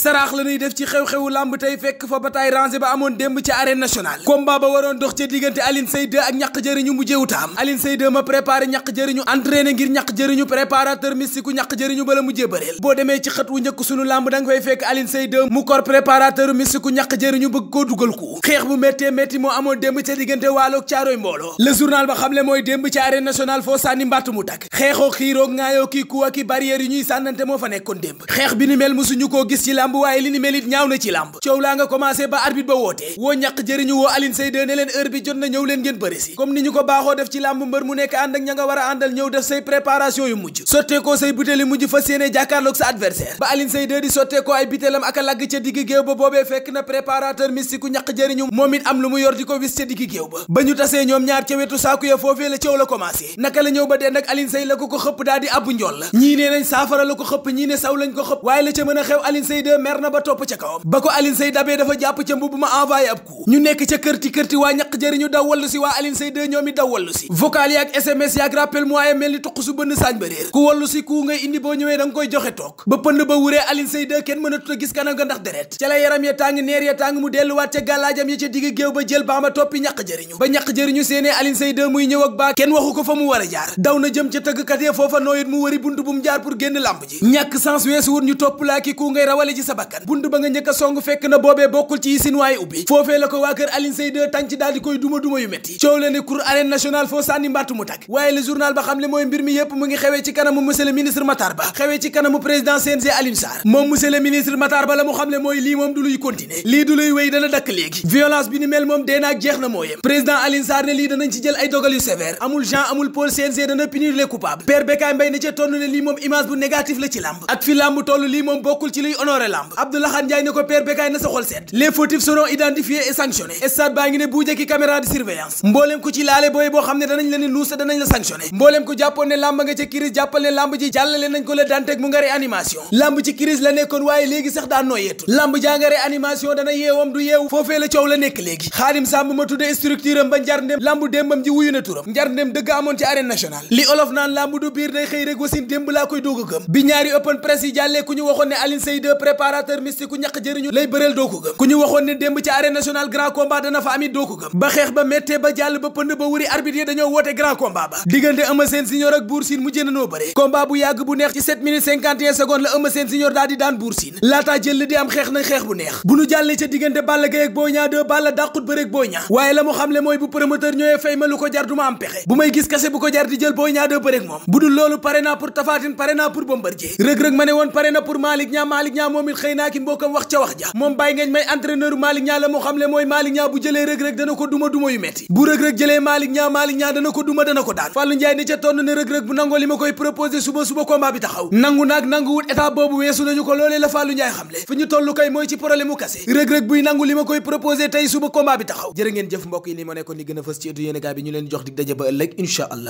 saraax la ñuy def ci xew-xewu làmb tey fekk fa bataille rangée ba amoon démb ci arène nationale combat ba waroon dox ca diggante Alioune Seye 2 ak ñàq jëriñu mu jéewu taam Alioune Seye 2 ma préparé ñàq jëriñu entraîné ngir ñàq jëriñu préparateur mystique ku ñàq jëriñu bala mu jébareel boo demee ci xët wu njëkk sunu lamb da nga fay fekk Alioune Seye 2 mu kor préparateur mystique ku ñàq jëriñu bëgg ko dugal ko xeex bu méttee métti moo amoon démb ca diggante waaloog caaroy mbooloo le journal ba xamle mooy démb ci arène nationale foo sànni mbattu mu takk xeexoo xiiroo moo fa nekkoon démb xeex bi ni mel musuñu koo làmb waaye li ni melit ñaaw na ci làmb coow laa nga commencé ba arbitre ba wootee woo ñaq jëriñu woo Alioune Seye 2 ne leen bi jot na ñëw leen ngeen bëri si ni ñu ko baaxoo def ci làmb mbër mu nekk ànd ak ñëw def say préparation yu mujj sottee say butéel mujj fas yéene jàkkaarloog sa adversaire ba Alioune Seye 2 di sottee ay butéelam ak lagg ca digg géew ba boobee fekk na préparateur mystique ñaq jëriñu moom it am lu mu yor di ko wis ca digg géew ba Touré mer na ba topp ca kawam ba ko Aline Sey dabee dafa jàpp ca mbubb ma envoyé ab coup ñu nekk ca kërti kërti waa ñaq jëriñu daw wallu si waa Aline Sey de ñoom i daw wallu si vocal yaak sms yaak rappel moyen mel ni tuq bënn saañ ba réer ku wallu si ku ngay indi boo ñëwee danga koy joxe toog ba pënd ba wuree Aline Sey de kenn mënatut a gis kanam nga ndax deret ca la yaram ya tàng neer ya tàng mu delluwaat ca gàllaajam ya ca digg géew ba jël baama toppi ñaq jëriñu ba ñaq baa kenn ko fa mu war a na jëm ca tëggkat ya foofa nooyut mu ñàkk sens sa bunt ba nga njëkk song fekk na boobee bokkul ci yi sinuwaay ubbi foofee la ko waa kër Alioune Seye 2 tànc koy duma duma yu metti coow la ne cour arène nationale foo sànni mbàttu mu tag waaye le ba xam mooy mbir mi yépp mu ngi xewee ci kanamu monsieur le ministre Matar Ba xewee ci kanamu président CNG Alioune Sarr moom monsieur le ministre Matar Ba mu xam mooy lii moom du luy continuer lii du luy wéy dana dakk léegi violence bi ni mel moo bu négatif la ci làmb ak fi làmb toll lii moom bokkul ci luy lamb Abdoulaye Ndiaye ne ko père Bécaye na sa sedd les fautifs seront identifiés et sanctionnés stade baa ngi ne bu jëkki caméra de surveillance mbooleem ko ci laale booy boo xam ne danañ la ne nuus danañ ko jàppoon ne lamb nga ca crise jàppal ne lamb ji jàllale nañ ko la dantek mu nga réanimation lamb ci crise la nekkoon waaye léegi sax daa nooyeetul lamb jaa nga réanimation dana yeewam du yeewu foofee la coow la nekk léegi xaadim sàmb préparateur mystique ku ñàkk lay bëreel doo ko gëm ku ñu waxoon ne démb ci arène nationale grand combat dana fa amit doo ko gëm ba xeex ba méttee ba jàll ba pënd ba wuri arbitre yi dañoo woote grand combat ba diggante Eumeu Sène Senior ak Bour Sine mujjee nanoo bëre combat bu yàgg bu neex ci la Eumeu Sène Senior daal daan Bour Sine laataa jël di am xeex nañ xeex bu neex bu ñu jàllee ca diggante Balla Gaye ak Boy Niang 2 dàqut bëre Boy Niang waaye moom it xëy naa ki mbokkam wax ca wax ja moom bàyyi ngeen may entraîneur Malick Niang la mu xam mooy Malick Niang bu jëlee rëg-rëg dana ko duma duma yu metti bu rëg-rëg jëlee Malick Niang Malick Niang dana ko duma dana ko daan Fallou Ndiaye ni ca tonn ne rëg-rëg bu nangoo li ma koy proposé suba suba combat bi taxaw nangu naag nanguwut état boobu weesu nañu ko loolee la Fallou Ndiaye xam fi ñu tollu kay mooy ci problème kase rëg-rëg buy nangu li ma koy proposé tey a fës ci ëttu yéene kaa bi ñu leen jox dig